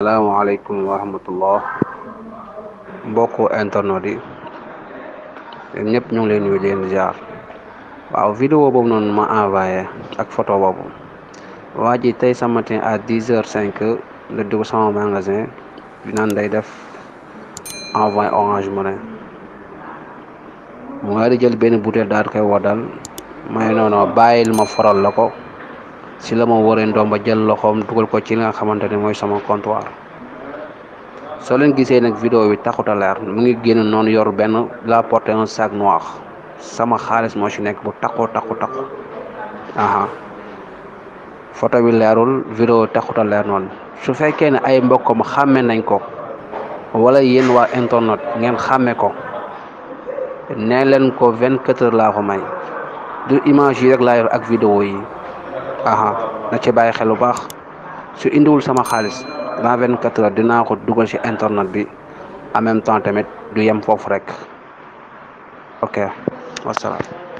salaamaaleykum wa rahmatullah mbokku internet yi yéen ñëpp ñu leen nuyu di leen jaar waaw vidéo boobu noonu ma envoyé ak photo boobu waa ji tey ce matin à dix heures cinq la dugg sama magasin bi day def envoyé orange money mu nga di jël benn bouteille daal koy wadal may noonu bàyyil ma foral la ko si la ma waree ba jël loxoom dugal ko ci li nga xamante ne mooy sama comptoir soo leen gisee nag vidéo bi taxut a leer mu ngi génn noonu yor benn la porté un sac noir sama xaalis moo ci nekk bu takkoo takku takku aha photo bi leerul vidéo taxut a leer noonu su fekkee ne ay mbokkam xàmmee nañ ko wala yéen waa internet ngeen xàmmee ko nee leen ko vingt-quatre laa ko may du image yi rek laa yor ak vidéo yi aha na ci bàyyi xel bu baax su indiwul sama xaalis dans vingt quatre heures dinaa ko dugal ci internet bi en même temps tamit du yem foofu rek ok wasalaam